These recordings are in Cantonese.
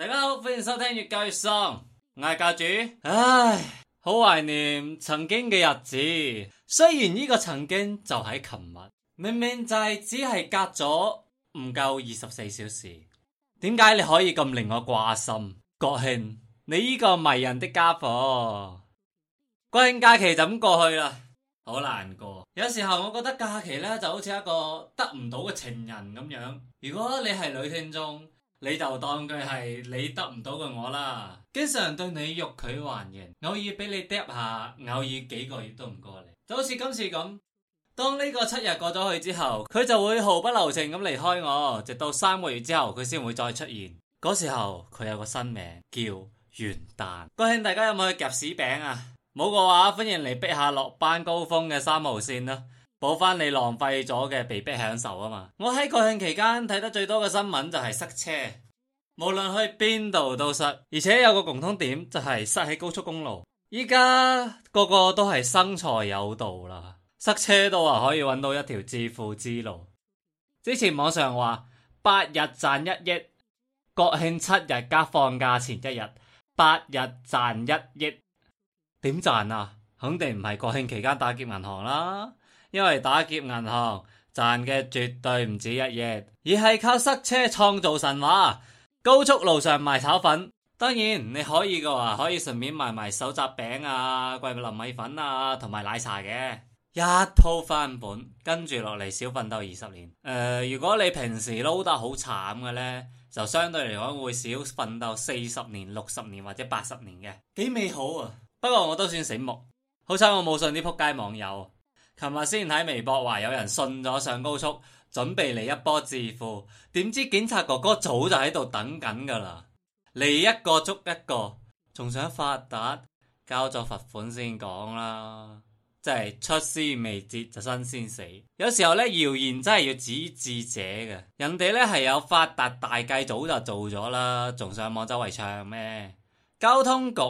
大家好，歡迎收聽粵教粵喪，我係教主。唉，好懷念曾經嘅日子，雖然呢個曾經就喺琴日，明明就係只係隔咗唔夠二十四小時，點解你可以咁令我掛心？國慶，你呢個迷人的家伙，國慶假期就咁過去啦，好難過。有時候我覺得假期咧就好似一個得唔到嘅情人咁樣。如果你係女聽眾。你就當佢係你得唔到嘅我啦，經常對你欲拒還迎，偶爾俾你掉下，偶爾幾個月都唔過嚟，就好似今次咁。當呢個七日過咗去之後，佢就會毫不留情咁離開我，直到三個月之後佢先會再出現。嗰時候佢有個新名叫元旦。國慶大家有冇去夾屎餅啊？冇嘅話，歡迎嚟逼下落班高峰嘅三號線啦、啊。補翻你浪費咗嘅被迫享受啊嘛！我喺國慶期間睇得最多嘅新聞就係塞車，無論去邊度都塞，而且有個共通點就係塞喺高速公路。而家個個都係生財有道啦，塞車都話可以搵到一條致富之路。之前網上話八日賺一億，國慶七日加放假前一日，八日賺一億，點賺啊？肯定唔係國慶期間打劫銀行啦。因為打劫銀行賺嘅絕對唔止一億，而係靠塞車創造神話。高速路上賣炒粉，當然你可以嘅話可以順便賣賣手抓餅啊、桂林米粉啊同埋奶茶嘅，一鋪翻本。跟住落嚟少奮鬥二十年。誒、呃，如果你平時撈得好慘嘅呢，就相對嚟講會少奮鬥四十年、六十年或者八十年嘅。幾美好啊！不過我都算醒目，好彩我冇信啲扑街網友。琴日先睇微博話有人信咗上高速，準備嚟一波致富，點知警察哥哥早就喺度等緊㗎喇，嚟一個捉一個，仲想發達，交咗罰款先講啦，真係出師未捷就新鮮死。有時候呢謠言真係要止於智者嘅，人哋呢係有發達大計早就做咗啦，仲上網周圍唱咩？交通局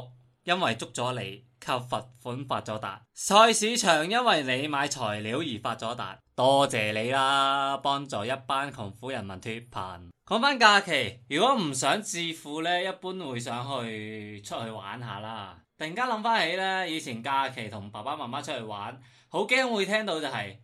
因為捉咗你，及罰款發咗達，菜市場因為你買材料而發咗達，多謝你啦，幫助一班窮苦人民脱貧。講翻假期，如果唔想致富呢，一般會想去出去玩下啦。突然間諗翻起呢，以前假期同爸爸媽媽出去玩，好驚會聽到就係，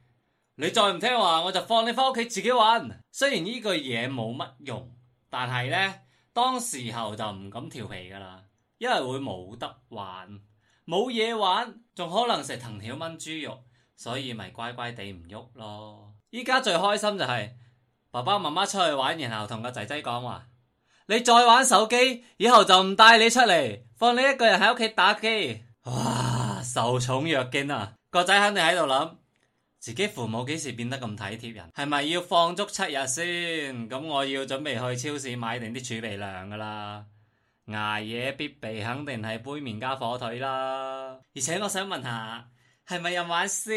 你再唔聽話，我就放你翻屋企自己玩。雖然呢句嘢冇乜用，但係呢，當時候就唔敢調皮噶啦，因為會冇得玩。冇嘢玩，仲可能食藤條炆豬肉，所以咪乖乖地唔喐咯。依家最開心就係爸爸媽媽出去玩，然後同個仔仔講話：你再玩手機，以後就唔帶你出嚟，放你一個人喺屋企打機。哇！受寵若驚啊！個仔肯定喺度諗：自己父母幾時變得咁體貼人？係咪要放足七日先？咁我要準備去超市買定啲儲備糧噶啦。捱夜必備肯定係杯麵加火腿啦！而且我想問下，係咪又玩先？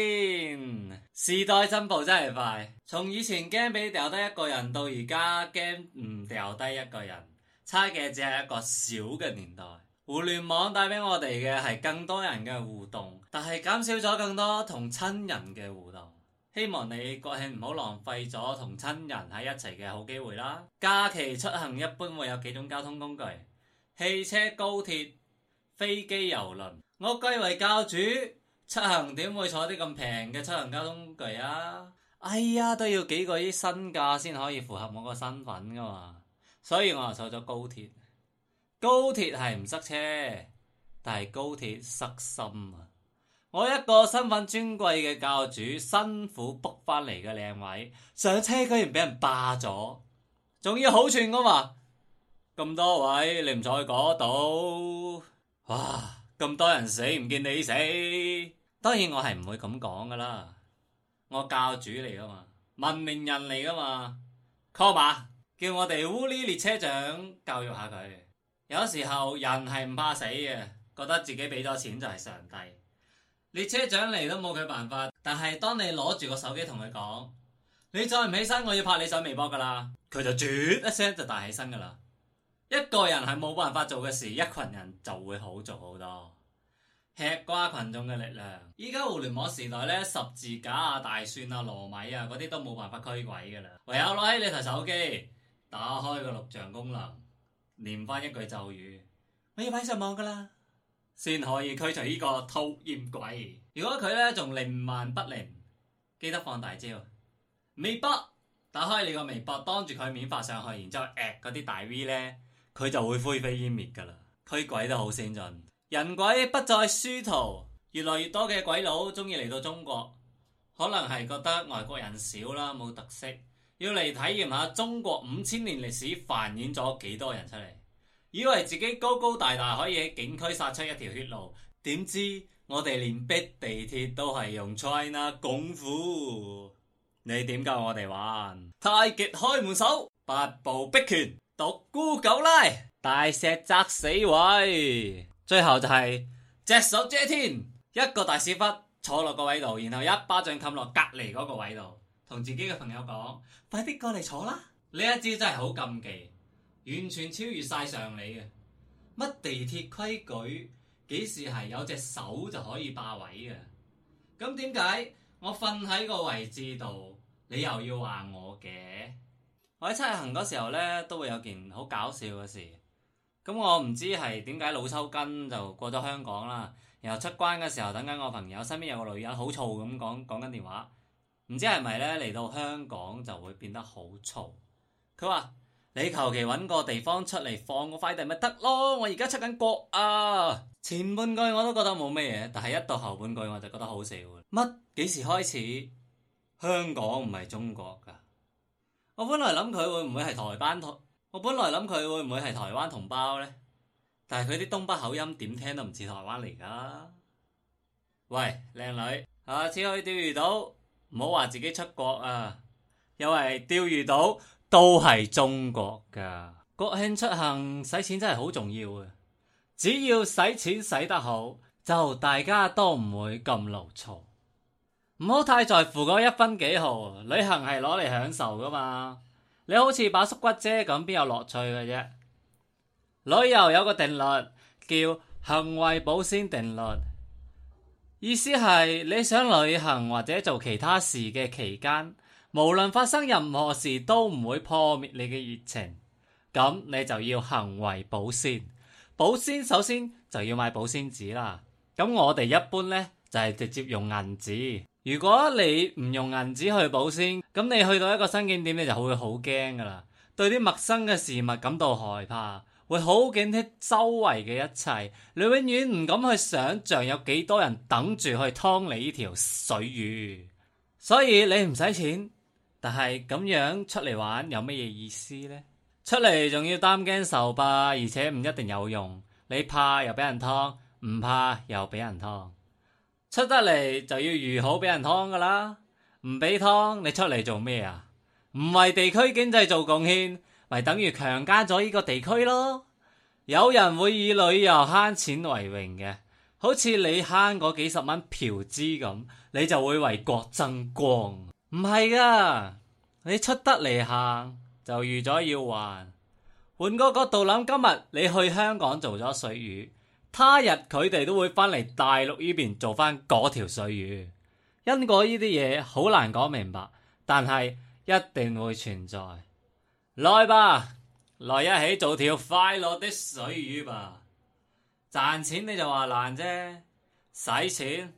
時代進步真係快，從以前驚俾掉低一個人到而家驚唔掉低一個人，差嘅只係一個小嘅年代。互聯網帶俾我哋嘅係更多人嘅互動，但係減少咗更多同親人嘅互動。希望你國慶唔好浪費咗同親人喺一齊嘅好機會啦！假期出行一般會有幾種交通工具？汽車、高鐵、飛機、郵輪，我貴為教主出行，點會坐啲咁平嘅出行交通工具啊？哎呀，都要幾個億身價先可以符合我個身份噶嘛？所以我又坐咗高鐵。高鐵係唔塞車，但係高鐵塞心啊！我一個身份尊貴嘅教主，辛苦 book 翻嚟嘅靚位，上車居然俾人霸咗，仲要好串噶嘛？咁多位，你唔坐去嗰度哇？咁多人死唔見你死，當然我係唔會咁講噶啦。我教主嚟噶嘛，文明人嚟噶嘛，call，叫我哋烏哩列車長教育下佢。有時候人係唔怕死嘅，覺得自己俾咗錢就係上帝。列車長嚟都冇佢辦法，但係當你攞住個手機同佢講，你再唔起身，我要拍你上微博噶啦，佢就轉一聲就大起身噶啦。一個人係冇辦法做嘅事，一群人就會好做好多。吃瓜群眾嘅力量，而家互聯網時代咧，十字架啊、大蒜啊、糯米啊嗰啲都冇辦法驅鬼噶啦，唯有攞起你台手機，打開個錄像功能，念翻一句咒語，我要擺上網噶啦，先可以驅除呢個討厭鬼。如果佢咧仲靈萬不靈，記得放大招。微博，打開你個微博，當住佢面發上去，然之後 at 嗰啲大 V 咧。佢就會灰飛煙滅㗎啦！驅鬼都好先進，人鬼不再殊途。越來越多嘅鬼佬鍾意嚟到中國，可能係覺得外國人少啦，冇特色，要嚟體驗下中國五千年歷史繁衍咗幾多人出嚟，以為自己高高大大可以喺景區殺出一條血路，點知我哋連逼地鐵都係用 China 功夫，你點教我哋玩？太極開門手，八步逼拳。獨孤狗拉，大石砸死位，最後就係、是、隻手遮天，一個大屎忽坐落個位度，然後一巴掌冚落隔籬嗰個位度，同自己嘅朋友講：快啲過嚟坐啦！呢一招真係好禁忌，完全超越晒常理嘅，乜地鐵規矩幾時係有隻手就可以霸位嘅？咁點解我瞓喺個位置度，你又要話我嘅？我喺出行嗰時候呢，都會有件好搞笑嘅事。咁、嗯、我唔知係點解腦抽筋就過咗香港啦。然後出關嘅時候，等緊我朋友，身邊有個女人好嘈咁講講緊電話，唔知係咪呢，嚟到香港就會變得好嘈。佢話你求其搵個地方出嚟放個快遞咪得咯，我而家出緊國啊。前半句我都覺得冇咩嘢，但係一到後半句我就覺得好笑。乜幾時開始香港唔係中國噶？我本來諗佢會唔會係台灣同我本來諗佢會唔會係台灣同胞咧？但係佢啲東北口音點聽都唔似台灣嚟噶。喂，靚女，下次去釣魚島，唔好話自己出國啊，因為釣魚島都係中國噶。國慶出行使錢真係好重要啊！只要使錢使得好，就大家都唔會咁流嘈。唔好太在乎嗰一分幾毫，旅行係攞嚟享受噶嘛。你好似把縮骨遮咁，邊有樂趣嘅啫？旅遊有個定律叫行為保鮮定律，意思係你想旅行或者做其他事嘅期間，無論發生任何事都唔會破滅你嘅熱情。咁你就要行為保鮮，保鮮首先就要買保鮮紙啦。咁我哋一般咧就係直接用銀紙。如果你唔用銀子去保鮮，咁你去到一個新景點，你就會好驚噶啦，對啲陌生嘅事物感到害怕，會好警惕周圍嘅一切。你永遠唔敢去想象有幾多人等住去劏你呢條水魚。所以你唔使錢，但係咁樣出嚟玩有乜嘢意思呢？出嚟仲要擔驚受怕，而且唔一定有用。你怕又俾人劏，唔怕又俾人劏。出得嚟就要預好畀人劏噶啦，唔畀劏你出嚟做咩啊？唔為地區經濟做貢獻，咪等於強姦咗呢個地區咯？有人會以旅遊慳錢為榮嘅，好似你慳嗰幾十蚊嫖資咁，你就會為國爭光？唔係噶，你出得嚟行就預咗要還。換個角度諗，今日你去香港做咗水魚。他日佢哋都會翻嚟大陸呢邊做翻嗰條水魚，因果呢啲嘢好難講明白，但係一定會存在。來吧，來一起做一條快樂的水魚吧！賺錢你就話難啫，使錢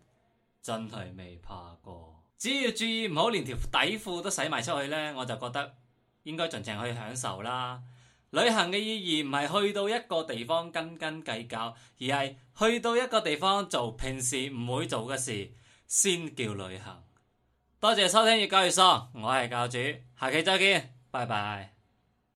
真係未怕過，只要注意唔好連條底褲都使埋出去咧，我就覺得應該盡情去享受啦。旅行嘅意義唔係去到一個地方斤斤計較，而係去到一個地方做平時唔會做嘅事，先叫旅行。多謝收聽粵教粵喪，我係教主，下期再見，拜拜。